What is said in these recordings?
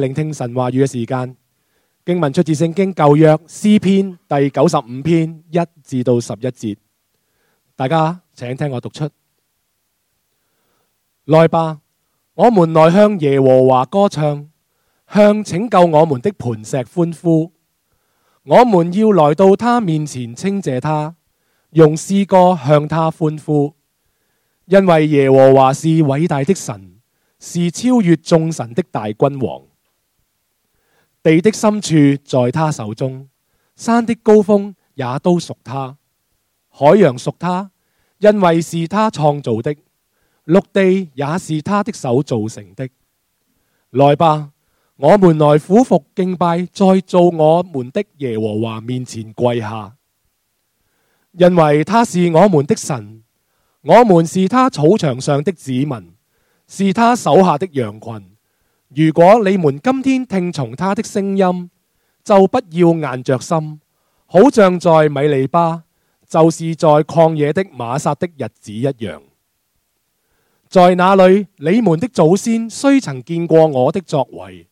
聆聽神話語嘅時間，經文出自聖經舊約詩篇第九十五篇一至到十一節。大家請聽我讀出來吧。我們來向耶和華歌唱，向拯救我們的磐石歡呼。我們要來到他面前，稱謝他，用詩歌向他歡呼，因為耶和華是偉大的神，是超越眾神的大君王。地的深處在他手中，山的高峰也都屬他，海洋屬他，因為是他創造的，陸地也是他的手造成的。來吧，我們來俯伏敬拜，在造我們的耶和華面前跪下，因為他是我們的神，我們是他草場上的子民，是他手下的羊群。如果你們今天聽從他的聲音，就不要硬着心，好像在米利巴，就是在曠野的瑪撒的日子一樣。在那裏，你們的祖先雖曾見過我的作為，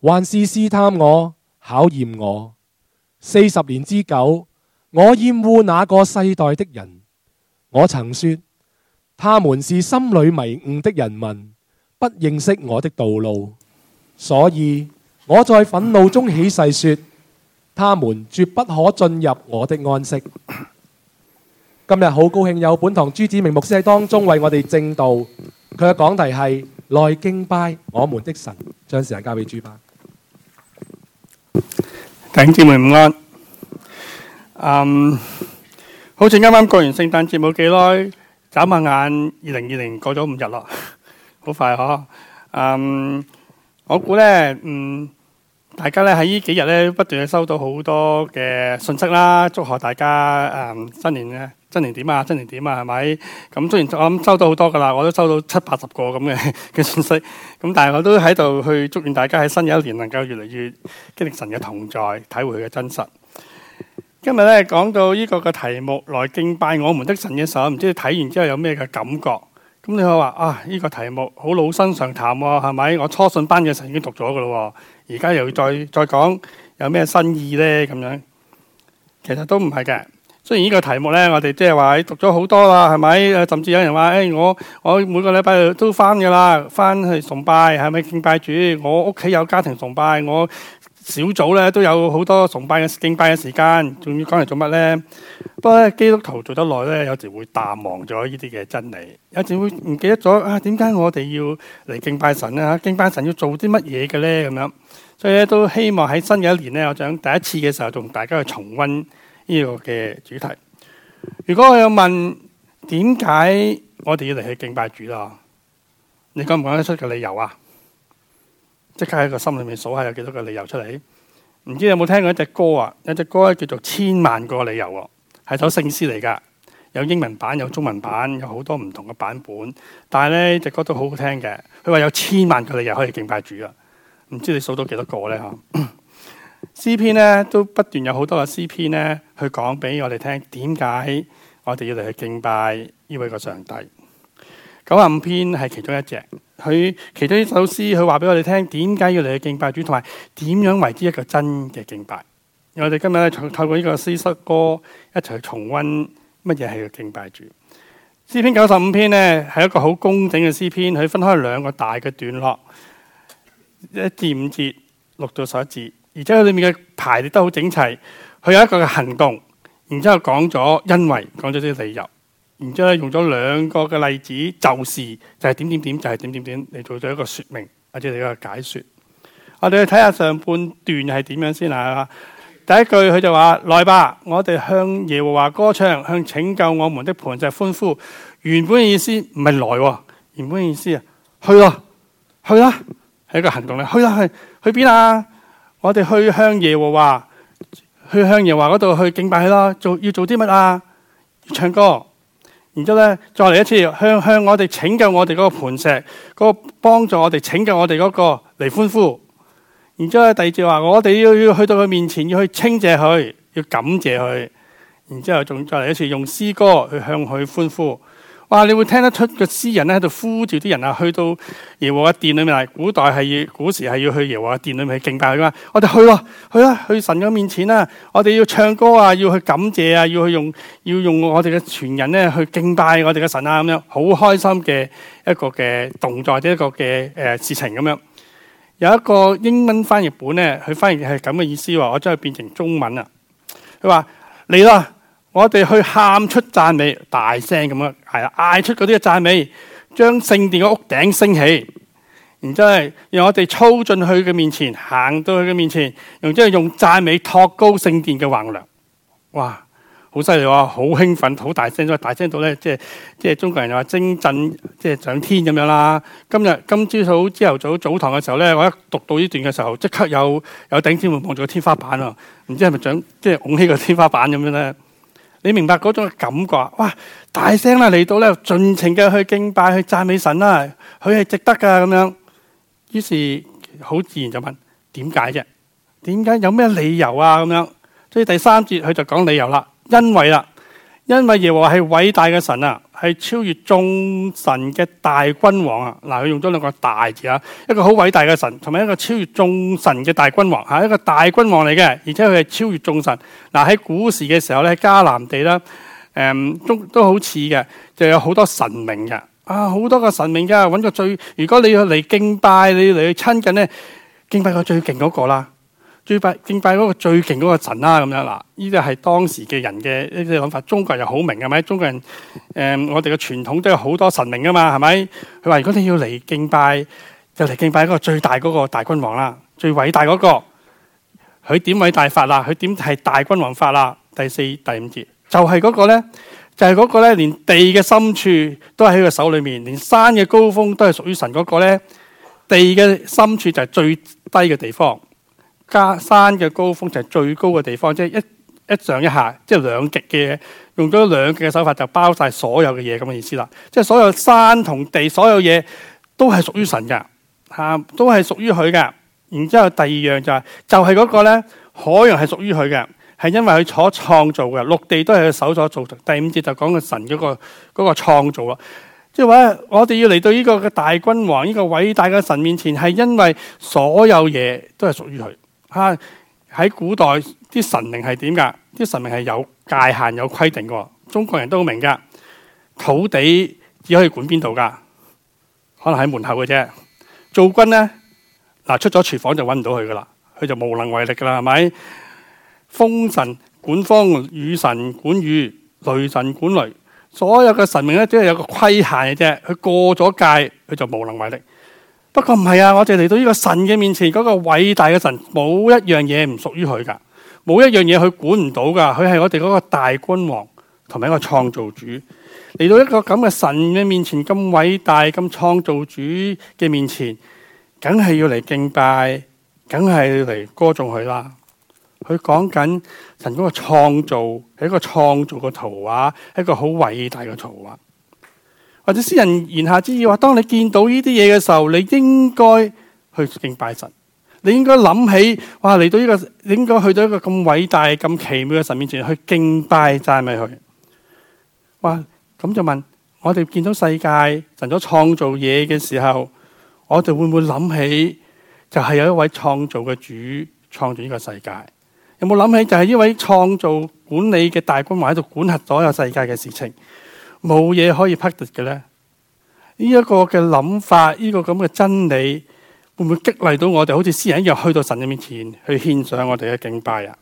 還是試探我、考驗我。四十年之久，我厭惡那個世代的人。我曾說，他們是心裏迷誤的人民。不認識我的道路，所以我在憤怒中起誓說，他們絕不可進入我的安息。今日好高興有本堂朱子明牧師喺當中為我哋正道，佢嘅講題係內敬拜我們的神。將時間交俾朱巴，弟兄姊妹午安。嗯，好似啱啱過完聖誕節冇幾耐，眨下眼二零二零過咗五日咯。好快嗬！嗯，我估咧，嗯，大家咧喺呢幾日咧不斷去收到好多嘅信息啦，祝賀大家誒新年嘅新年點啊，新年點啊，係咪？咁雖然我諗收到好多噶啦，我都收到七八十個咁嘅嘅信息，咁但係我都喺度去祝願大家喺新嘅一年能夠越嚟越經歷神嘅同在，體會佢嘅真實。今日咧講到呢個嘅題目，來敬拜我們的神嘅時候，唔知你睇完之後有咩嘅感覺？咁你可以話啊，呢個題目好老生常談喎，係咪？我初信班嘅時候已經讀咗㗎咯，而家又再再講有咩新意呢？咁樣，其實都唔係嘅。雖然呢個題目呢，我哋即係話讀咗好多啦，係咪？甚至有人話：誒、欸、我我每個禮拜都返嘅啦，返去崇拜係咪敬拜主？我屋企有家庭崇拜我。小組咧都有好多崇拜嘅敬拜嘅時間，仲要講嚟做乜咧？不過基督徒做得耐咧，有時會淡忘咗呢啲嘅真理，有時會唔記得咗啊！點解我哋要嚟敬拜神咧？啊！敬拜神要做啲乜嘢嘅咧？咁樣，所以都希望喺新嘅一年咧，我想第一次嘅時候，同大家去重溫呢個嘅主題。如果我要問點解我哋要嚟去敬拜主啦，你講唔講得出嘅理由啊？即刻喺個心裏面數下有幾多個理由出嚟？唔知你有冇聽過一隻歌啊？一隻歌咧叫做《千萬個理由》喎，係首聖詩嚟噶。有英文版，有中文版，有好多唔同嘅版本。但係咧，隻歌都好好聽嘅。佢話有千萬個理由可以敬拜主啊！唔知你數到幾多個咧？吓， 詩篇咧都不斷有好多嘅詩篇咧，去講俾我哋聽點解我哋要嚟去敬拜呢位個上帝。九十五篇係其中一隻。佢其中一首詩，佢話俾我哋聽點解要嚟去敬拜主，同埋點樣為之一個真嘅敬拜。我哋今日咧透過呢個詩失歌一齊去重溫乜嘢係個敬拜主。詩篇九十五篇呢，係一個好工整嘅詩篇，佢分開兩個大嘅段落，一至五節六到十一節，而且佢裏面嘅排列得好整齊。佢有一個嘅行動，然之後講咗因為，講咗啲理由。然之後咧，用咗兩個嘅例子，就是就係點點點，就係點點點嚟做咗一個說明，或者一個解說。我哋去睇下上半段係點樣先啦。第一句佢就話：來吧，我哋向耶和華歌唱，向拯救我們的磐石歡呼。原本嘅意思唔係來，原本嘅意思啊，去咯，去啦，係一個行動咧，去啦去，去邊啊？我哋去向耶和華，去向耶和華嗰度去敬拜去啦。做要做啲乜啊？唱歌。然後呢，再嚟一次向向我哋拯救我哋嗰個磐石，嗰個幫助我哋拯救我哋嗰個嚟歡呼。然後咧，第二句話，我哋要去到佢面前，要去稱謝佢，要感謝佢。然後仲再嚟一次用詩歌去向佢歡呼。話你會聽得出個詩人咧，喺度呼住啲人啊，去到耶和華殿裏面，古代係古時係要去耶和華殿裏面去敬拜佢嘛？我哋去喎，去啦，去神嘅面前啦，啊！我哋要唱歌啊，要去感謝啊，要去用要用我哋嘅全人咧去敬拜我哋嘅神啊！咁樣好開心嘅一個嘅動作，或者一個嘅誒、呃、事情咁樣。有一個英文翻譯本咧，佢翻譯係咁嘅意思話，我將佢變成中文啦。佢話你啦。我哋去喊出讚美，大聲咁樣，係嗌出嗰啲嘅讚美，將聖殿嘅屋頂升起，然之後讓我哋操進去嘅面前，行到佢嘅面前，然之後用讚美托高聖殿嘅橫梁。哇，好犀利喎！好興奮，好大聲，咁大聲到咧，即係即係中國人又話精震，即係上天咁樣啦。今日今朝早朝頭早早，早堂嘅時候咧，我一讀到呢段嘅時候，即刻有有頂天會望住個天花板啊！唔知係咪想即係拱起個天花板咁樣咧？你明白嗰種感覺？哇！大聲啦嚟到咧，盡情嘅去敬拜、去讚美神啦，佢係值得㗎。咁樣。於是好自然就問：點解啫？點解有咩理由啊？咁樣。所以第三節佢就講理由啦，因為啦，因為耶和華係偉大嘅神啊。係超越眾神嘅大君王啊！嗱，佢用咗兩個大字啊，一個好偉大嘅神，同埋一個超越眾神嘅大君王，嚇一個大君王嚟嘅，而且佢係超越眾神。嗱，喺古時嘅時候咧，喺迦南地啦，誒、嗯、都都好似嘅，就有好多神明嘅，啊，好多個神明噶，揾個最，如果你要嚟敬拜，你要嚟去親近咧，敬拜個最勁嗰個啦。最拜敬拜嗰個最勁嗰個神啦、啊，咁樣嗱，呢啲係當時嘅人嘅一啲諗法。中國又好明，係咪中國人誒、呃？我哋嘅傳統都有好多神明噶、啊、嘛，係咪？佢話：如果你要嚟敬拜，就嚟敬拜嗰個最大嗰個大君王啦，最偉大嗰、那個。佢點偉大法啦？佢點係大君王法啦？第四第五節就係嗰個咧，就係、是、嗰個咧、就是就是，連地嘅深處都喺佢手裏面，連山嘅高峰都係屬於神嗰個咧。地嘅深處就係最低嘅地方。加山嘅高峰就係最高嘅地方，即係一一上一下，即係兩極嘅用咗兩極嘅手法就包晒，所有嘅嘢咁嘅意思啦。即係所有山同地，所有嘢都係屬於神噶，吓，都係屬於佢噶。然之後第二樣就係，就係嗰個咧，海洋係屬於佢嘅，係因為佢所創造嘅陸地都係佢手所造成。第五節就講嘅神嗰個嗰個創造啊，即係話我哋要嚟到呢個嘅大君王，呢個偉大嘅神面前，係因為所有嘢都係屬於佢。啊！喺古代啲神明係點噶？啲神明係有界限，有規定噶。中國人都好明噶，土地只可以管邊度噶，可能喺門口嘅啫。灶君呢，嗱出咗廚房就搵唔到佢噶啦，佢就無能為力噶啦，係咪？風神管風，雨神管雨，雷神管雷，所有嘅神明咧都係有個規限嘅啫。佢過咗界，佢就無能為力。不過唔係啊，我哋嚟到呢個神嘅面前，嗰個偉大嘅神，冇一樣嘢唔屬於佢噶，冇一樣嘢佢管唔到噶，佢係我哋嗰個大君王，同埋一個創造主。嚟到一個咁嘅神嘅面前，咁偉大、咁創造主嘅面前，梗係要嚟敬拜，梗係嚟歌頌佢啦。佢講緊神嗰個創造係一個創造嘅圖畫，係一個好偉大嘅圖畫。或者詩人言下之意話：當你見到呢啲嘢嘅時候，你應該去敬拜神。你應該諗起，哇！嚟到呢個，你應該去到一個咁偉大、咁奇妙嘅神面前去敬拜、讚美佢。哇！咁就問：我哋見到世界神所創造嘢嘅時候，我哋會唔會諗起就係有一位創造嘅主創造呢個世界？有冇諗起就係呢位創造管理嘅大君王喺度管轄所有世界嘅事情？冇嘢可以匹敵嘅咧，呢一個嘅諗法，呢個咁嘅真理，會唔會激勵到我哋好似詩人一樣去到神嘅面前去獻上我哋嘅敬拜啊？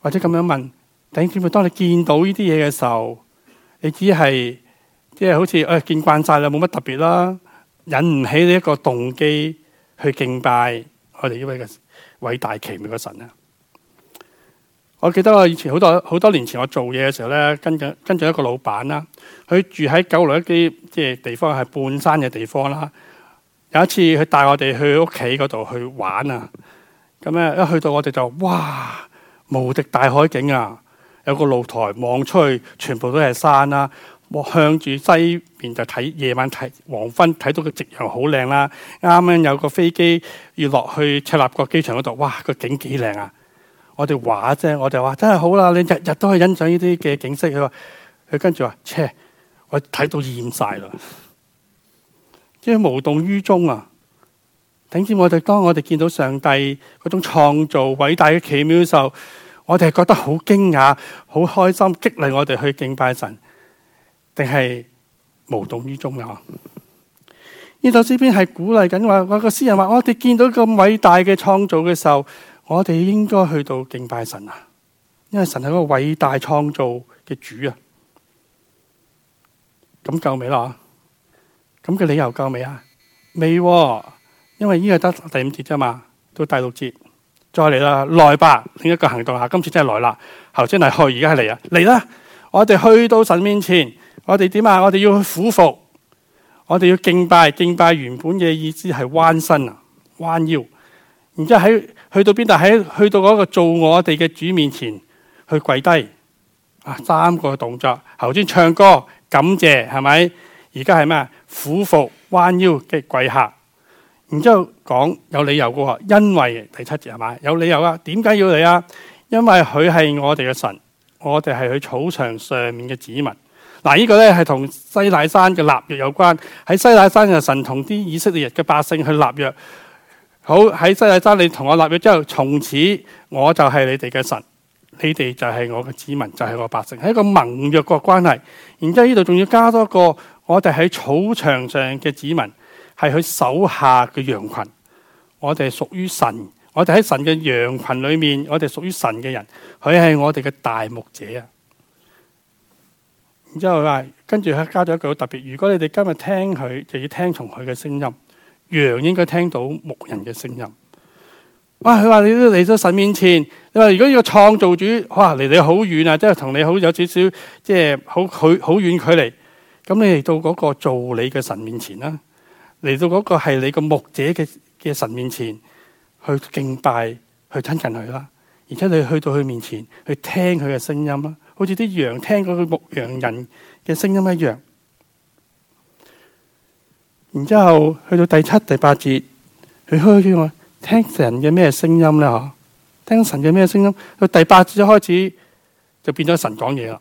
或者咁樣問，點解會當你見到呢啲嘢嘅時候，你只係即係好似誒見慣晒啦，冇乜特別啦，引唔起呢一個動機去敬拜我哋呢位嘅偉大奇妙嘅神呀？我記得我以前好多好多年前我做嘢嘅時候咧，跟著跟著一個老闆啦，佢住喺九龍一啲即係地方係半山嘅地方啦。有一次佢帶我哋去屋企嗰度去玩啊，咁咧一去到我哋就哇無敵大海景啊！有個露台望出去全部都係山啦，望向住西面就睇夜晚睇黃昏睇到個夕陽好靚啦。啱啱有個飛機要落去赤鱲角機場嗰度，哇個景幾靚啊！我哋話啫，我哋話真係好啦，你日日都去欣賞呢啲嘅景色。佢話佢跟住話，切，我睇到厭晒啦，即係無動於衷啊！頂住我哋，當我哋見到上帝嗰種創造偉大嘅奇妙嘅時候，我哋覺得好驚訝、好開心，激勵我哋去敬拜神，定係無動於衷啊？呢首詩篇係鼓勵緊話，有個詩人話，我哋見到咁偉大嘅創造嘅時候。我哋應該去到敬拜神啊，因為神係一個偉大創造嘅主啊。咁夠未啦？咁嘅理由夠未啊？未，因為呢個得第五節咋嘛，到第六節再嚟啦。來吧，另一個行動啊，今次真係來啦。頭先係去，而家係嚟啊，嚟啦！我哋去到神面前，我哋點啊？我哋要去俯伏，我哋要敬拜，敬拜原本嘅意思係彎身啊，彎腰。然之後，喺去到邊度？喺去到嗰個做我哋嘅主面前去跪低啊。三個動作，頭先唱歌感謝，係咪？而家係咩？俯伏、彎腰、跟住跪下，然之後講有理由嘅喎，因為第七節係咪有理由啊？點解要你啊？因為佢係我哋嘅神，我哋係佢草場上面嘅子民。嗱、啊、呢、呢個呢，係同西乃山嘅立約有關。喺西乃山嘅神同啲以色列嘅百姓去立約。好，喺西乃山，你同我立約之後，從此我就係你哋嘅神，你哋就係我嘅子民，就係我嘅百姓，係一個盟約嘅關係。然之後呢度仲要加多一個，我哋喺草場上嘅子民係佢手下嘅羊群，我哋屬於神，我哋喺神嘅羊群裏面，我哋屬於神嘅人，佢係我哋嘅大牧者啊。然之後話，跟住佢加咗一句好特別，如果你哋今日聽佢，就要聽從佢嘅聲音。羊應該聽到牧人嘅聲音。哇！佢話你都嚟咗神面前，你話如果呢個創造主哇，離你好遠啊，即係同你好有少少，即係好許好遠距離，咁你嚟到嗰個造你嘅神面前啦，嚟到嗰個係你個牧者嘅嘅神面前去敬拜，去親近佢啦，而且你去到佢面前去聽佢嘅聲音啦，好似啲羊聽嗰個牧羊人嘅聲音一樣。然之後去到第七、第八節，佢開住我聽神嘅咩聲音咧？吓，聽神嘅咩聲音？去第八節開始就變咗神講嘢啦，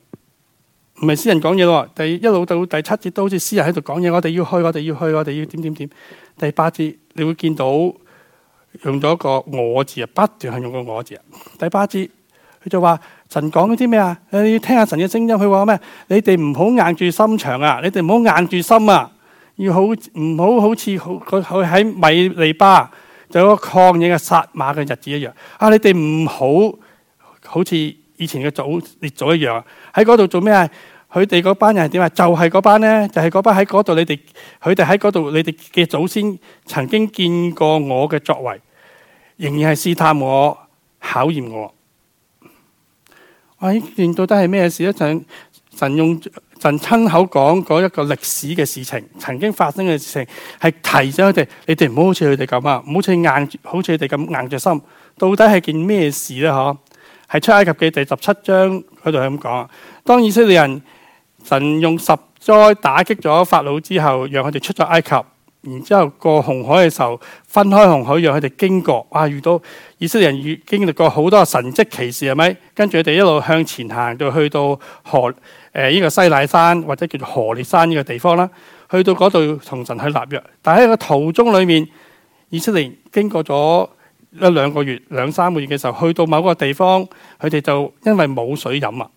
唔係詩人講嘢咯。第一路到第七節都好似詩人喺度講嘢，我哋要去，我哋要去，我哋要點點點。第八節你會見到用咗個我字啊，不斷係用個我字啊。第八節佢就話神講咗啲咩啊？你要聽下神嘅聲音。佢話咩？你哋唔好硬住心腸啊！你哋唔好硬住心啊！要好唔好好似好佢喺米利巴就有個抗影嘅殺馬嘅日子一樣啊！你哋唔好好似以前嘅祖列祖一樣啊！喺嗰度做咩啊？佢哋嗰班人係點啊？就係、是、嗰班咧，就係、是、嗰班喺嗰度。你哋佢哋喺嗰度，你哋嘅祖先曾經見過我嘅作為，仍然係試探我、考驗我。喂、啊，呢件到底係咩事一陣神神用。神親口講過一個歷史嘅事情，曾經發生嘅事情，係提醒咗佢哋，你哋唔好好似佢哋咁啊，唔好似硬，好似佢哋咁硬著心。到底係件咩事呢？嗬，係出埃及嘅第十七章，佢就係咁講啊。當以色列人神用十災打擊咗法老之後，讓佢哋出咗埃及，然之後過紅海嘅時候，分開紅海，讓佢哋經過。啊，遇到以色列人遇經歷過好多神蹟奇事，係咪？跟住佢哋一路向前行，就去到河。誒呢個西奈山或者叫做何烈山呢個地方啦，去到嗰度同神去立約，但喺個途中裏面，以色列經過咗一兩個月、兩三個月嘅時候，去到某個地方，佢哋就因為冇水飲啊，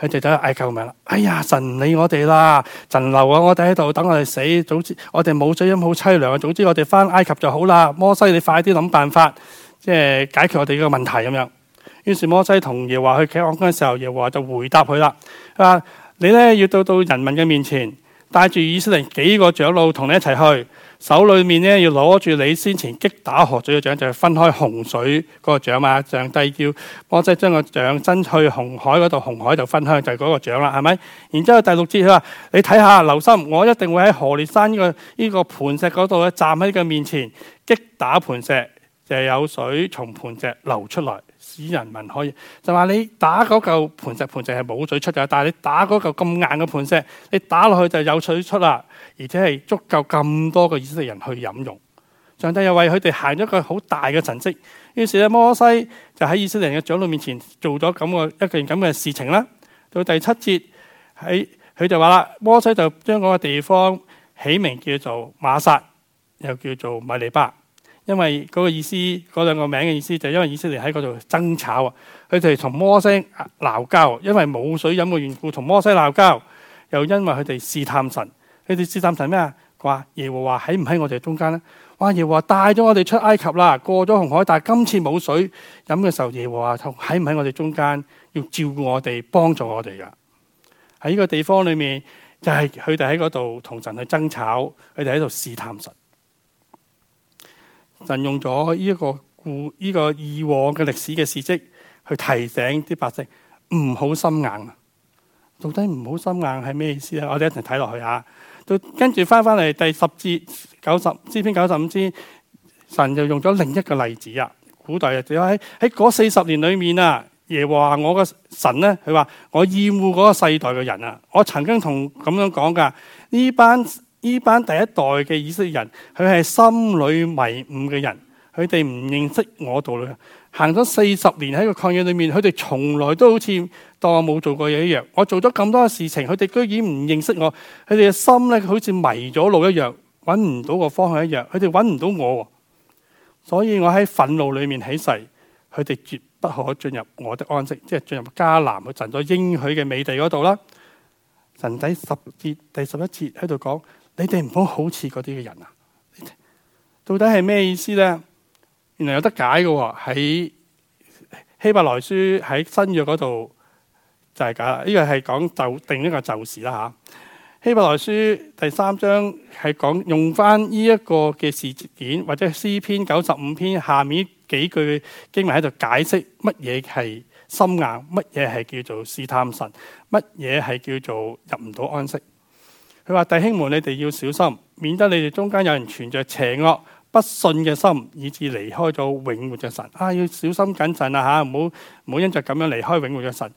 佢哋就嗌救命啦！哎呀，神理我哋啦，神留我啊我哋喺度等我哋死，早知我哋冇水飲好凄涼啊！早知我哋翻埃及就好啦，摩西你快啲諗辦法，即係解決我哋呢個問題咁樣。於是摩西同耶華去企岸嘅時候，耶華就回答佢啦：啊，你咧要到到人民嘅面前，帶住以色列幾個長老同你一齊去，手裏面咧要攞住你先前擊打河嘴嘅獎，就係分開洪水嗰個獎嘛。上帝叫摩西將個獎爭去紅海嗰度，紅海度分開，就係嗰個獎啦，係咪？然之後第六節佢話：你睇下，留心，我一定會喺何烈山呢個呢個盤石嗰度咧站喺佢面前擊打盤石，就有水從盤石流出來。指人民可以就話你打嗰嚿盤石，盤石係冇水出嘅，但係你打嗰嚿咁硬嘅盤石，你打落去就有水出啦，而且係足夠咁多嘅以色列人去飲用。上帝又為佢哋行咗一個好大嘅神蹟。於是啊，摩西就喺以色列人嘅長老面前做咗咁個一件咁嘅事情啦。到第七節，喺佢就話啦，摩西就將嗰個地方起名叫做瑪薩，又叫做米利巴。因為嗰個意思，嗰兩個名嘅意思就係因為以色列喺嗰度爭吵啊，佢哋同摩西鬧交，因為冇水飲嘅緣故，同摩西鬧交，又因為佢哋試探神。佢哋試探神咩啊？話耶和華喺唔喺我哋中間咧？話耶和華帶咗我哋出埃及啦，過咗紅海，但係今次冇水飲嘅時候，耶和華喺唔喺我哋中間，要照顧我哋，幫助我哋噶？喺呢個地方裏面，就係佢哋喺嗰度同神去爭吵，佢哋喺度試探神。神用咗呢一個故，呢個以往嘅歷史嘅事蹟去提醒啲百姓唔好心硬啊！到底唔好心硬係咩意思咧？我哋一齊睇落去啊！到跟住翻翻嚟第十至九十詩篇九十五節，神就用咗另一個例子啊！古代啊，仲有喺喺嗰四十年裏面啊，耶和華我嘅神咧，佢話我厭惡嗰個世代嘅人啊！我曾經同咁樣講噶呢班。呢班第一代嘅以色列人，佢係心裏迷誤嘅人，佢哋唔認識我道理。行咗四十年喺個曠野裏面，佢哋從來都好似當我冇做過嘢一樣。我做咗咁多嘅事情，佢哋居然唔認識我。佢哋嘅心咧，好似迷咗路一樣，揾唔到個方向一樣。佢哋揾唔到我，所以我喺憤怒裏面起誓，佢哋絕不可進入我的安息，即係進入迦南，神所應許嘅美地嗰度啦。神底十節、第十一節喺度講。你哋唔好好似嗰啲嘅人啊！到底係咩意思呢？原來有得解嘅喎，喺希伯來書喺新約嗰度就係解啦。呢、這個係講就定一個就事啦吓。希伯來書第三章係講用翻呢一個嘅事件，或者詩篇九十五篇下面幾句經文喺度解釋乜嘢係心硬，乜嘢係叫做試探神，乜嘢係叫做入唔到安息。佢話弟兄們，你哋要小心，免得你哋中間有人存着邪惡、不信嘅心，以致離開咗永活嘅神。啊，要小心謹慎啊吓，唔好唔好因着咁樣離開永活嘅神。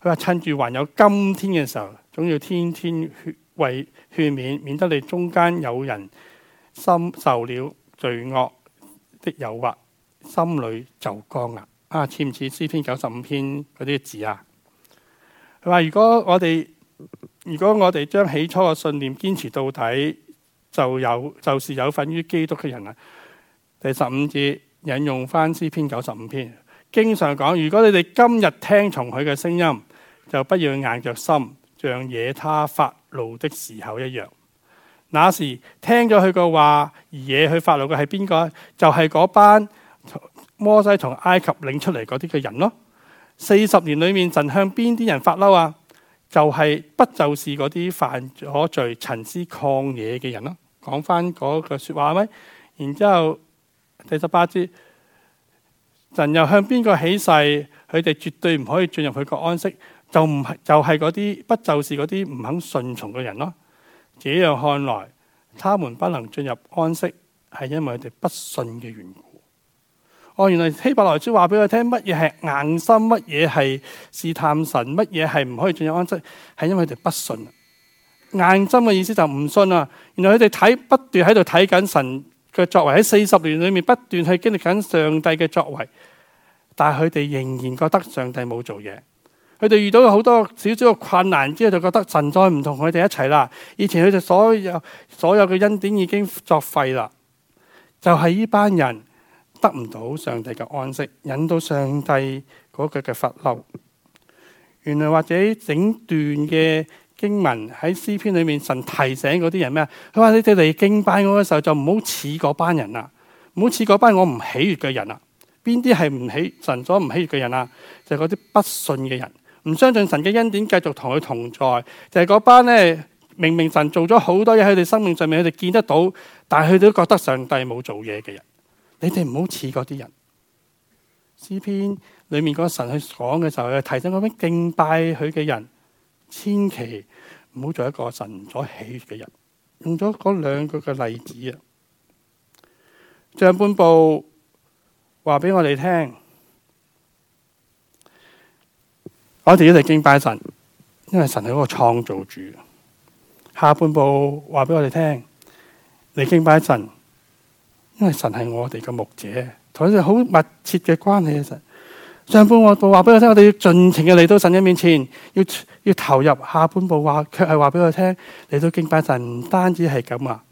佢話，趁住還有今天嘅時候，總要天天勸為勸勉，免得你中間有人心受了罪惡的誘惑，心裏就光啦、啊。啊，似唔似詩篇九十五篇嗰啲字啊？佢話如果我哋，如果我哋將起初嘅信念堅持到底，就有就是有份於基督嘅人啊。第十五節引用翻詩篇九十五篇，經常講：如果你哋今日聽從佢嘅聲音，就不要硬著心，像惹他發怒的時候一樣。那時聽咗佢嘅話而惹佢發怒嘅係邊個？就係、是、嗰班摩西從埃及領出嚟嗰啲嘅人咯。四十年裏面，神向邊啲人發嬲啊？就係不就是嗰啲犯咗罪、徇思抗嘢嘅人咯？講翻嗰句説話，喂，然之後第十八節，神又向邊個起誓？佢哋絕對唔可以進入佢個安息，就唔就係嗰啲不就是嗰啲唔肯順從嘅人咯？這樣看來，他們不能進入安息，係因為佢哋不信嘅緣故。哦，原來希伯來書話俾我聽，乜嘢係硬心，乜嘢係試探神，乜嘢係唔可以進入安息，係因為佢哋不信。硬心嘅意思就唔信啊！原來佢哋睇，不斷喺度睇緊神嘅作為，喺四十年裏面不斷去經歷緊上帝嘅作為，但係佢哋仍然覺得上帝冇做嘢。佢哋遇到好多少少嘅困難之後就覺得神再唔同佢哋一齊啦。以前佢哋所有所有嘅恩典已經作廢啦，就係呢班人。得唔到上帝嘅安息，引到上帝嗰句嘅發嬲。原來或者整段嘅經文喺詩篇裏面，神提醒嗰啲人咩？佢話，你哋嚟敬拜我嘅時候，就唔好似嗰班人啊，唔好似嗰班我唔喜悅嘅人啊，邊啲係唔喜神所唔喜悅嘅人啊？就係啲不信嘅人，唔相信神嘅恩典繼續同佢同在。就係、是、嗰班咧，明明神做咗好多嘢，喺佢哋生命上面，佢哋見得到，但係佢哋都覺得上帝冇做嘢嘅人。你哋唔好似嗰啲人，詩篇裏面個神去講嘅時候，提醒嗰啲敬拜佢嘅人，千祈唔好做一個神所喜悅嘅人。用咗嗰兩個嘅例子啊，上半部話俾我哋聽，我哋一定敬拜神，因為神係一個創造主。下半部話俾我哋聽，你敬拜神。因為神係我哋嘅牧者，同佢哋好密切嘅關係的神。上半部話俾我聽，我哋要盡情嘅嚟到神嘅面前，要要投入。下半部話卻係話俾我聽，嚟到敬拜神唔單止係咁啊，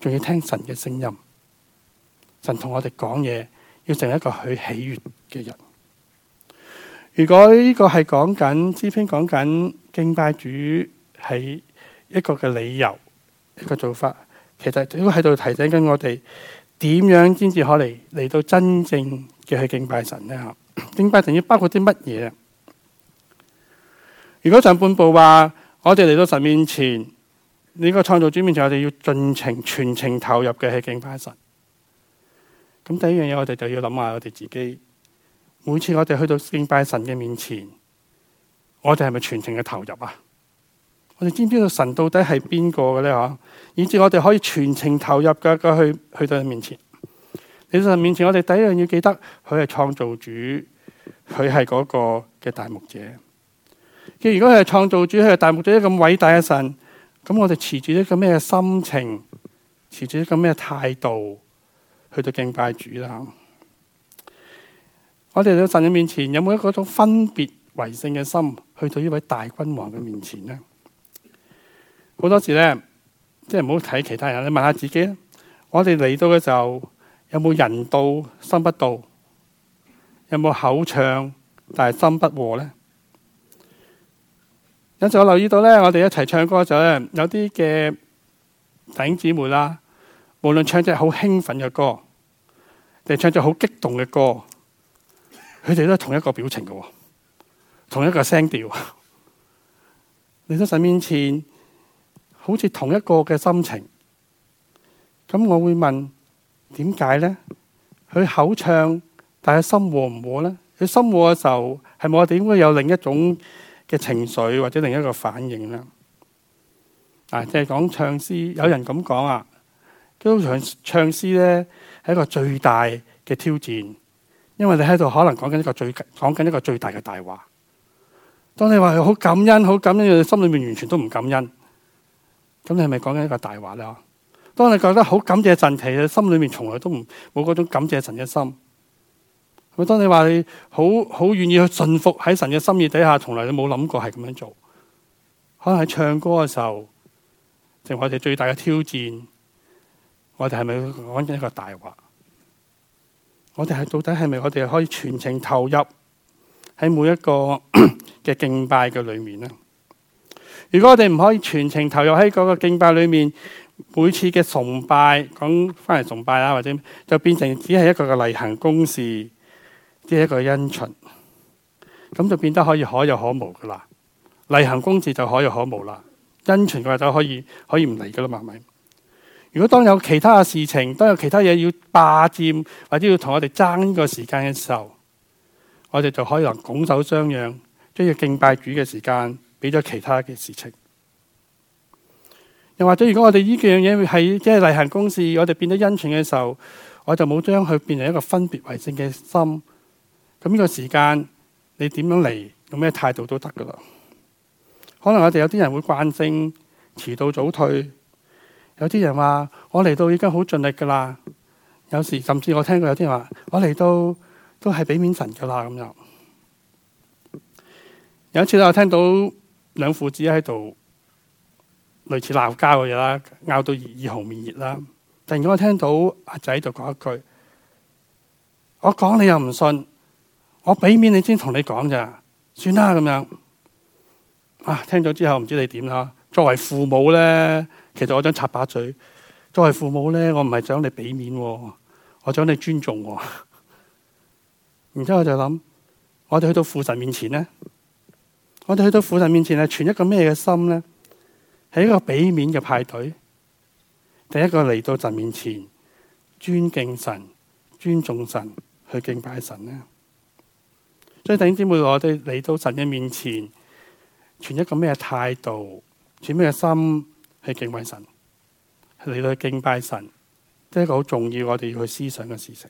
仲要聽神嘅聲音。神同我哋講嘢，要成為一個佢喜悦嘅人。如果呢個係講緊詩篇講緊敬拜主係一個嘅理由，一個做法。其實都喺度提醒緊我哋，點樣先至可以嚟到真正嘅去敬拜神呢吓？敬拜神要包括啲乜嘢？如果上半部話，我哋嚟到神面前，呢個創造主面前，我哋要盡情全程投入嘅去敬拜神。咁第一樣嘢，我哋就要諗下我哋自己，每次我哋去到敬拜神嘅面前，我哋係咪全程嘅投入啊？我哋知唔知道神到底係邊個嘅咧？嗬，以至我哋可以全程投入，噶噶，去去到佢面前。喺神面前，我哋第一樣要記得，佢係創造主，佢係嗰個嘅大牧者。即如果佢係創造主，佢係大牧者，咁偉大嘅神，咁我哋持住一個咩心情，持住一個咩態度去到敬拜主啦。我哋到神嘅面前，有冇一種分別為聖嘅心去到呢位大君王嘅面前呢？好多時咧，即係唔好睇其他人，你問下自己，我哋嚟到嘅時候有冇人到心不到？有冇口唱但係心不和咧？有時我留意到咧，我哋一齊唱歌嘅時候咧，有啲嘅弟兄姊妹啦，無論唱隻好興奮嘅歌，定係唱隻好激動嘅歌，佢哋都係同一個表情嘅，同一個聲調。你都身面前。好似同一個嘅心情，咁我會問點解咧？佢口唱，但係心和唔和咧？佢心和嘅時候，係我哋應該有另一種嘅情緒，或者另一個反應咧。啊，即係講唱詩，有人咁講啊，都唱唱詩咧，係一個最大嘅挑戰，因為你喺度可能講緊一個最講緊一個最大嘅大話。當你話佢好感恩、好感恩，你心裏面完全都唔感恩。咁你係咪講緊一個大話啦？當你覺得好感謝神，其實心裏面從來都唔冇嗰種感謝神嘅心。咁當你話你好好願意去順服喺神嘅心意底下，從來你冇諗過係咁樣做。可能喺唱歌嘅時候，定係我哋最大嘅挑戰。我哋係咪講緊一個大話？我哋係到底係咪我哋可以全程投入喺每一個嘅 敬拜嘅裏面咧？如果我哋唔可以全程投入喺嗰個敬拜裏面，每次嘅崇拜講翻嚟崇拜啊，或者就變成只係一個嘅例行公事，即係一個因循，咁就變得可以可有可無噶啦。例行公事就可有可無啦，因循嘅話就可以可以唔嚟噶啦，嘛係咪。如果當有其他嘅事情，當有其他嘢要霸佔或者要同我哋爭呢個時間嘅時候，我哋就可以拱手相讓，將要敬拜主嘅時間。俾咗其他嘅事情，又或者如果我哋呢幾樣嘢係即係例行公事，我哋變咗恩情嘅時候，我就冇將佢變成一個分別為聖嘅心。咁呢個時間你點樣嚟，用咩態度都得噶啦。可能我哋有啲人會慣性遲到早退，有啲人話我嚟到已經好盡力噶啦。有時甚至我聽過有啲人話我嚟到都係俾面神噶啦咁樣。有一次我聽到，兩父子喺度類似鬧交嘅嘢啦，拗到耳紅面熱啦。突然間我聽到阿仔就講一句：我講你又唔信，我俾面你先同你講咋，算啦咁樣。啊，聽咗之後唔知你點啦。作為父母咧，其實我想插把嘴。作為父母咧，我唔係想你俾面，我想你尊重，啊我。我。然之後我就諗，我哋去到父神面前咧，我哋去到父神面前係存一個咩嘅心呢？係一個俾面嘅派對，第一個嚟到神面前，尊敬神、尊重神去敬拜神咧。所以弟兄姊妹，我哋嚟到神嘅面前，存一個咩態度？存咩心去敬拜神？嚟到去敬拜神，都係一個好重要，我哋要去思想嘅事情。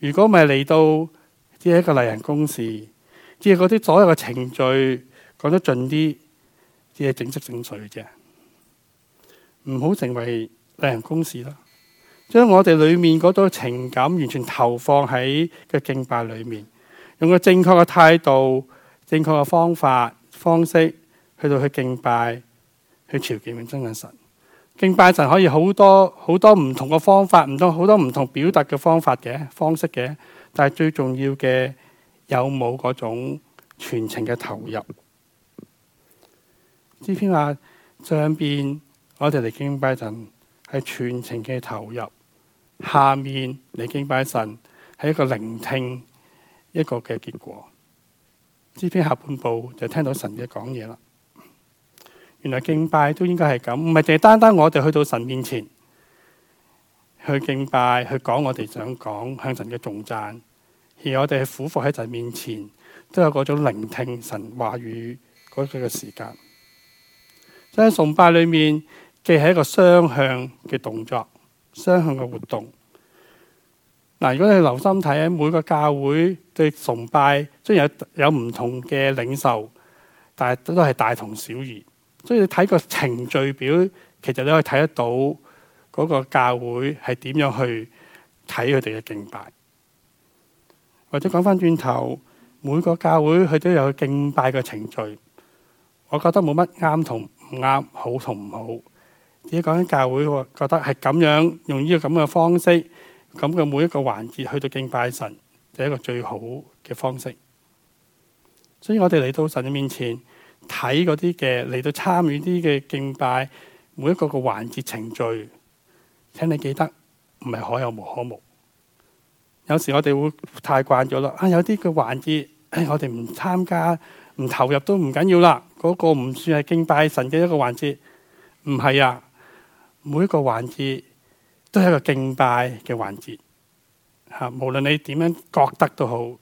如果唔係嚟到，只係一個例行公事。只係嗰啲所有嘅程序，講得盡啲，只係整色整水嘅啫。唔好成為例行公事啦。將我哋裏面嗰種情感完全投放喺個敬拜裏面，用個正確嘅態度、正確嘅方法、方式去到去敬拜，去朝見面真嘅神。敬拜神可以好多好多唔同嘅方法，唔多好多唔同嘅表達嘅方法嘅方式嘅，但係最重要嘅，有冇嗰種全程嘅投入？這篇話上邊我哋嚟敬拜神係全程嘅投入，下面嚟敬拜神係一個聆聽一個嘅結果。這篇下半部就聽到神嘅講嘢啦。原來敬拜都應該係咁，唔係淨係單單我哋去到神面前去敬拜，去講我哋想講向神嘅重讚。而我哋係俯伏喺神面前，都有嗰種聆聽神話語嗰句嘅時間，所以在崇拜裏面既係一個雙向嘅動作，雙向嘅活動。嗱、啊，如果你留心睇，每個教會對崇拜，雖然有有唔同嘅領袖，但係都都係大同小異。所以你睇個程序表，其實你可以睇得到嗰個教會係點樣去睇佢哋嘅敬拜。或者講返轉頭，每個教會佢都有敬拜嘅程序，我覺得冇乜啱同唔啱，好同唔好。只係講緊教會覺得係咁樣，用呢個咁嘅方式，咁嘅每一個環節去到敬拜神，就係一個最好嘅方式。所以我哋嚟到神嘅面前睇嗰啲嘅嚟到參與啲嘅敬拜，每一個嘅環節程序，請你記得唔係可有無可無。有時我哋會太慣咗啦。啊，有啲嘅環節，我哋唔參加唔投入都唔緊要啦。嗰個唔算係敬拜神嘅一個環節，唔係啊。每一個環節都係一個敬拜嘅環節嚇，無論你點樣覺得都好。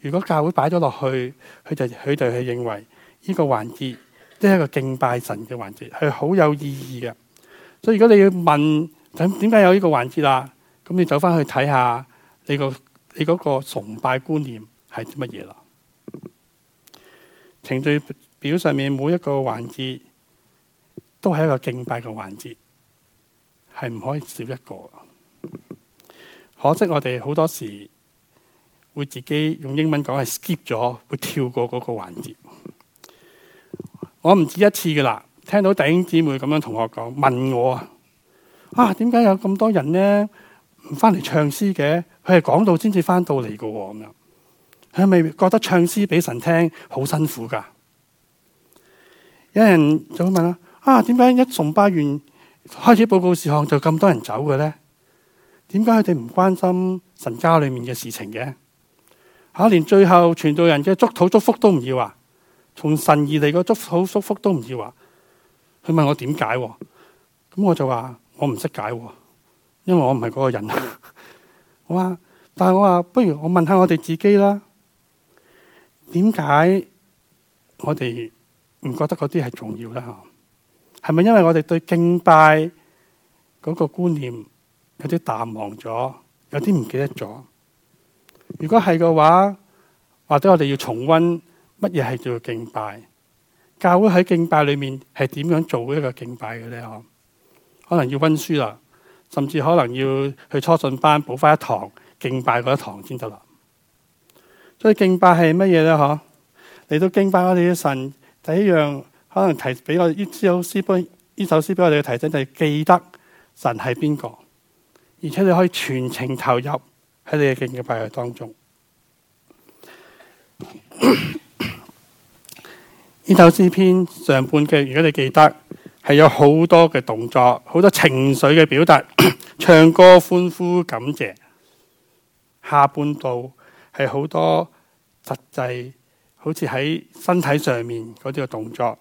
如果教會擺咗落去，佢就佢就係認為呢個環節都係一個敬拜神嘅環節，係好有意義嘅。所以如果你要問點解有呢個環節啦，咁你走翻去睇下。你個你嗰個崇拜觀念係啲乜嘢啦？程序表上面每一個環節都係一個敬拜嘅環節，係唔可以少一個。可惜我哋好多時會自己用英文講係 skip 咗，會跳過嗰個環節。我唔止一次噶啦，聽到弟兄姊妹咁樣同我講問我啊，啊點解有咁多人呢？唔翻嚟唱詩嘅？佢係講到先至翻到嚟噶，咁樣佢係咪覺得唱詩俾神聽好辛苦噶？有人就會問啦：啊，點解一崇拜完開始報告事項就咁多人走嘅咧？點解佢哋唔關心神家裏面嘅事情嘅？吓，連最後傳道人嘅祝禱祝福都唔要啊！從神而嚟嘅祝禱祝福都唔要啊！佢問我點解？咁我就話我唔識解，因為我唔係嗰個人。但我話，但係我話，不如我問下我哋自己啦。點解我哋唔覺得嗰啲係重要咧？嗬，係咪因為我哋對敬拜嗰個觀念有啲淡忘咗，有啲唔記得咗？如果係嘅話，或者我哋要重溫乜嘢係叫做敬拜？教會喺敬拜裏面係點樣做一個敬拜嘅咧？嗬，可能要溫書啦。甚至可能要去初信班補翻一堂敬拜嗰一堂先得啦。所以敬拜係乜嘢咧？嗬，嚟到敬拜我哋嘅神，第一樣可能提俾我哋呢首詩篇，呢首詩俾我哋嘅提醒，就係記得神係邊個，而且你可以全程投入喺你嘅敬嘅拜喺當中。呢咳咳首詩篇上半句，如果你記得。係有好多嘅動作，好多情緒嘅表達， 唱歌歡呼、感謝。下半部係好多實際，好似喺身體上面嗰啲嘅動作，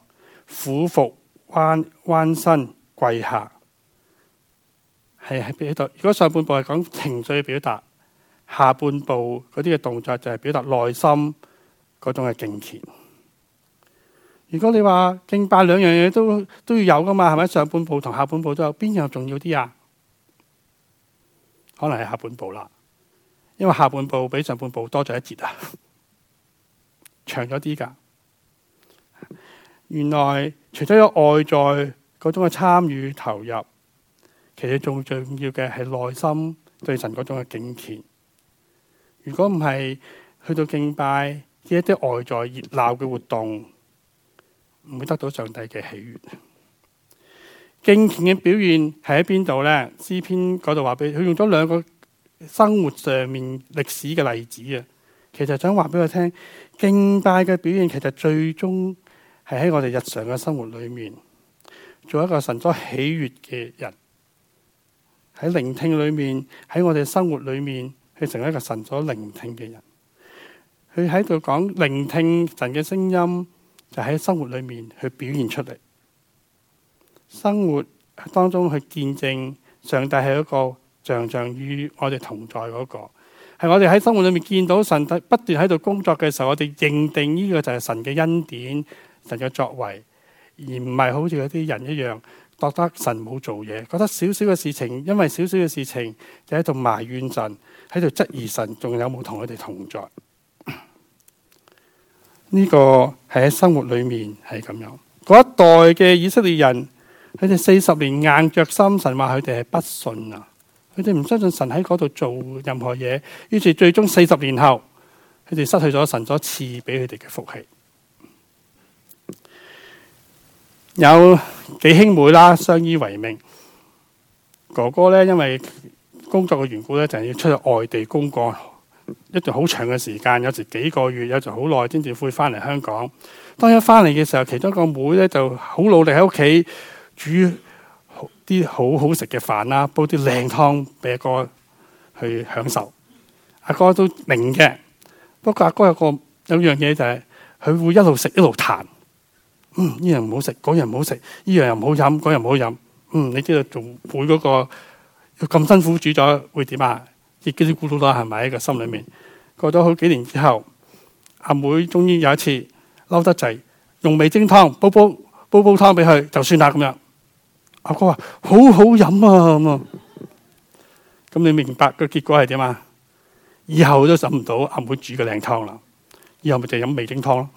俯伏、彎彎身、跪下。係喺邊度？如果上半部係講情緒嘅表達，下半部嗰啲嘅動作就係表達內心嗰種嘅敬虔。如果你話敬拜兩樣嘢都都要有噶嘛，係咪？上半部同下半部都有，邊樣重要啲啊？可能係下半部啦，因為下半部比上半部多咗一截啊，長咗啲噶。原來除咗有外在嗰種嘅參與投入，其實仲最重要嘅係內心對神嗰種嘅敬虔。如果唔係去到敬拜嘅一啲外在熱鬧嘅活動。唔會得到上帝嘅喜悦。敬虔嘅表現係喺邊度呢？詩篇嗰度話俾佢用咗兩個生活上面歷史嘅例子啊，其實想話俾我聽，敬拜嘅表現其實最終係喺我哋日常嘅生活裏面，做一個神所喜悦嘅人，喺聆聽裏面，喺我哋生活裏面去成為一個神所聆聽嘅人。佢喺度講聆聽神嘅聲音。就喺生活裏面去表現出嚟，生活當中去見證上帝係一個常常與我哋同在嗰個，係我哋喺生活裏面見到神不斷喺度工作嘅時候，我哋認定呢個就係神嘅恩典，神嘅作為，而唔係好似有啲人一樣，覺得神冇做嘢，覺得少少嘅事情，因為少少嘅事情就喺度埋怨神，喺度質疑神仲有冇同我哋同在。呢個係喺生活裏面係咁樣，嗰一代嘅以色列人佢哋四十年硬着心，神話佢哋係不信啊，佢哋唔相信神喺嗰度做任何嘢，於是最終四十年後，佢哋失去咗神所賜俾佢哋嘅福氣。有幾兄妹啦，相依為命。哥哥咧，因為工作嘅緣故咧，就要出去外地工作。一段好長嘅時間，有時幾個月，有時好耐，先至會翻嚟香港。當一翻嚟嘅時候，其中一個妹咧就好努力喺屋企煮啲好好食嘅飯啦，煲啲靚湯俾阿哥去享受。阿哥都明嘅，不過阿哥有個有樣嘢就係，佢會一路食一路彈。嗯，呢樣唔好食，嗰樣唔好食，呢樣又唔好飲，嗰樣唔好飲。嗯，你知道做妹嗰個咁辛苦煮咗會點啊？亦幾多苦惱啦，係咪？喺個心裏面過咗好幾年之後，阿妹終於有一次嬲得滯，用味精湯煲煲煲煲湯俾佢，就算啦咁樣。阿哥話好好飲啊咁啊！咁你明白個結果係點啊？以後都飲唔到阿妹煮嘅靚湯啦，以後咪就飲味精湯咯。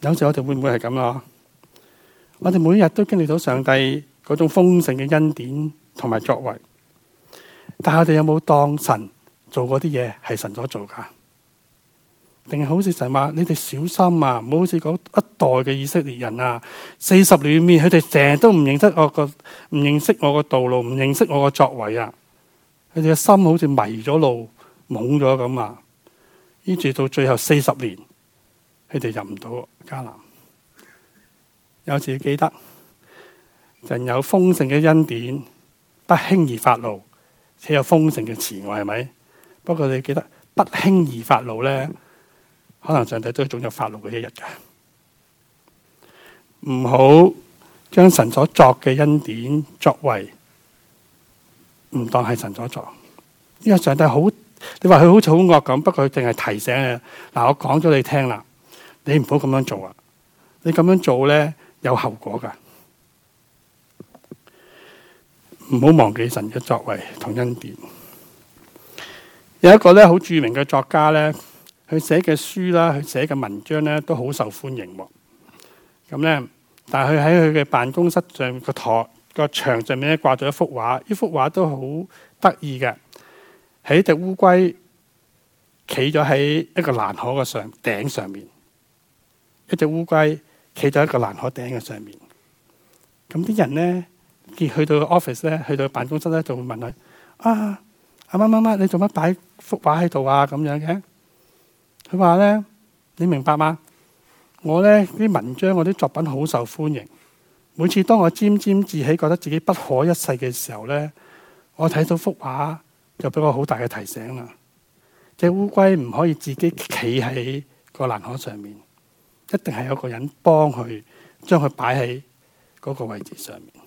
有時我哋會唔會係咁啊？我哋每一日都經歷到上帝嗰種豐盛嘅恩典同埋作為。但係，佢哋有冇當神做嗰啲嘢係神所做噶？定係好似神話你哋小心啊，唔好似嗰一代嘅以色列人啊，四十年面佢哋成日都唔認識我個唔認識我個道路，唔認識我個作為啊。佢哋嘅心好似迷咗路，懵咗咁啊。跟住到最後四十年，佢哋入唔到迦南。有時記得人有豐盛嘅恩典，不輕易發怒。且有豐盛嘅慈愛，係咪？不過你記得不輕易發怒咧，可能上帝都總有發怒嘅一日嘅。唔好將神所作嘅恩典作為唔當係神所作，因為上帝好，你話佢好似好惡咁，不過佢淨係提醒你，嗱，我講咗你聽啦，你唔好咁樣做啊！你咁樣做咧有後果噶。唔好忘記神嘅作為同恩典。有一個咧好著名嘅作家咧，佢寫嘅書啦，佢寫嘅文章咧都好受歡迎。咁咧，但係佢喺佢嘅辦公室上個台個牆上面咧掛咗一幅畫，呢幅畫都好得意嘅。喺隻烏龜企咗喺一個欄河嘅上頂上面，一隻烏龜企咗一個欄河頂嘅上面。咁啲人咧。去到個 office 咧，去到辦公室咧，就會問佢啊阿乜乜乜，你做乜擺幅畫喺度啊？咁樣嘅佢話咧，你明白嗎？我咧啲文章，我啲作品好受歡迎。每次當我沾沾自喜，覺得自己不可一世嘅時候咧，我睇到幅畫就俾我好大嘅提醒喇！隻烏龜唔可以自己企喺個欄杆上面，一定係有個人幫佢將佢擺喺嗰個位置上面。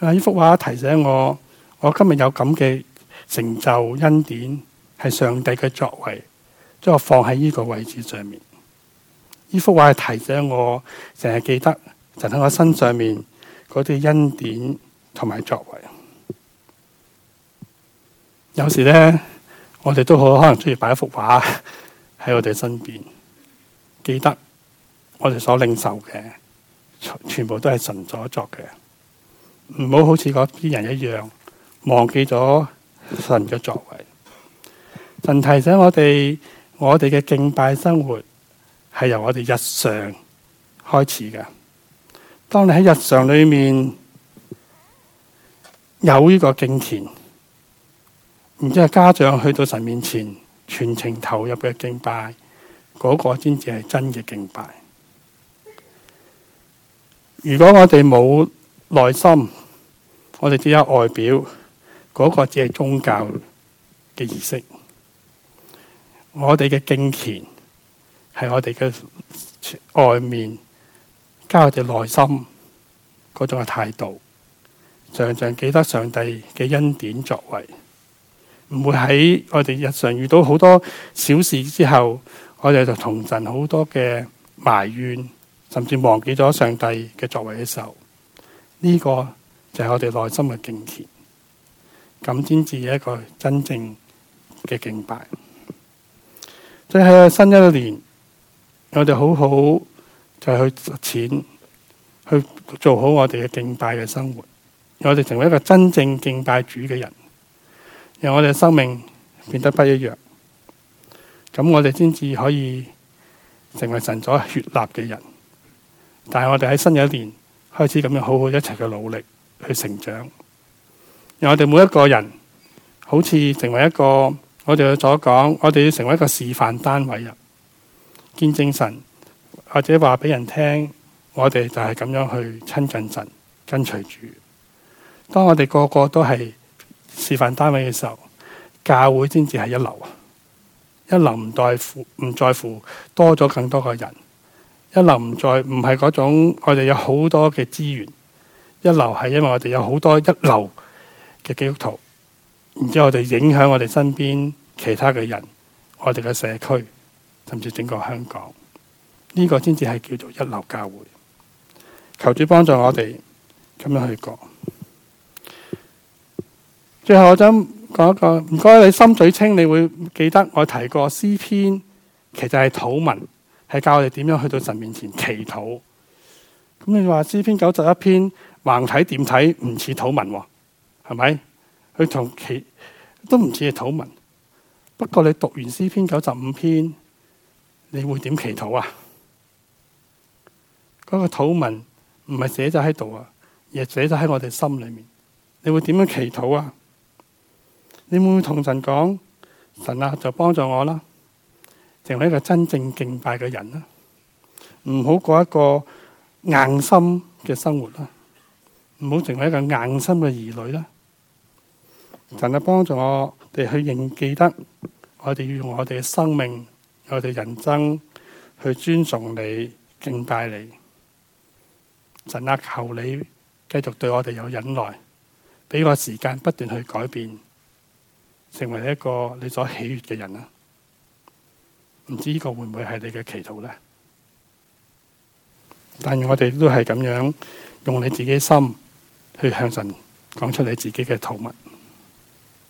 呢幅畫提醒我，我今日有咁嘅成就恩典，係上帝嘅作為，將我放喺呢個位置上面。呢幅畫係提醒我，淨係記得，淨喺我身上面嗰啲恩典同埋作為。有時咧，我哋都好可能中意擺一幅畫喺我哋身邊，記得我哋所領受嘅，全部都係神所作嘅。唔好好似嗰啲人一樣，忘記咗神嘅作為。神提醒我哋，我哋嘅敬拜生活係由我哋日常開始嘅。當你喺日常裏面有呢個敬虔，然之後家長去到神面前，全程投入嘅敬拜，嗰個先至係真嘅敬拜。如果我哋冇耐心，我哋只有外表，嗰個只係宗教嘅儀式。我哋嘅敬虔係我哋嘅外面，加我哋內心嗰種嘅態度，常常記得上帝嘅恩典作為，唔會喺我哋日常遇到好多小事之後，我哋就同神好多嘅埋怨，甚至忘記咗上帝嘅作為嘅時候，呢個。就係我哋內心嘅敬虔，咁先至一個真正嘅敬拜。即係喺新一年，我哋好好就去實踐，去做好我哋嘅敬拜嘅生活，我哋成為一個真正敬拜主嘅人，讓我哋嘅生命變得不一樣。咁我哋先至可以成為神所血立嘅人。但係我哋喺新一年開始咁樣，好好一齊嘅努力。去成長，而我哋每一個人好似成為一個，我哋嘅所講，我哋要成為一個示範單位啊！見證神或者話俾人聽，我哋就係咁樣去親近神，跟隨主。當我哋個個都係示範單位嘅時候，教會先至係一流啊！一流唔在乎，唔在乎多咗更多個人，一流唔在唔係嗰種，我哋有好多嘅資源。一流係因為我哋有好多一流嘅基督徒，然之後我哋影響我哋身邊其他嘅人，我哋嘅社區甚至整個香港，呢個先至係叫做一流教會。求主幫助我哋咁樣去過。最後我想講一個，唔該你心水清，你會記得我提過詩篇，其實係禱文，係教我哋點樣去到神面前祈禱。咁你話詩篇九十一篇。橫睇點睇，唔似土文，係咪？佢同其都唔似嘅土文。不過你讀完詩篇九十五篇，你會點祈禱啊？嗰個土文唔係寫咗喺度啊，而係寫咗喺我哋心裏面。你會點樣祈禱啊？你會唔會同神講，神啊，就幫助我啦，成為一個真正敬拜嘅人啊，唔好過一個硬心嘅生活啦。唔好成為一個硬心嘅兒女啦！神啊，幫助我哋去認記得，我哋要用我哋嘅生命、我哋人生去尊重你、敬拜你。神啊，求你繼續對我哋有忍耐，俾個時間不斷去改變，成為一個你所喜悦嘅人啦！唔知呢個會唔會係你嘅祈禱咧？但係我哋都係咁樣用你自己心。去向神講出你自己嘅禱文。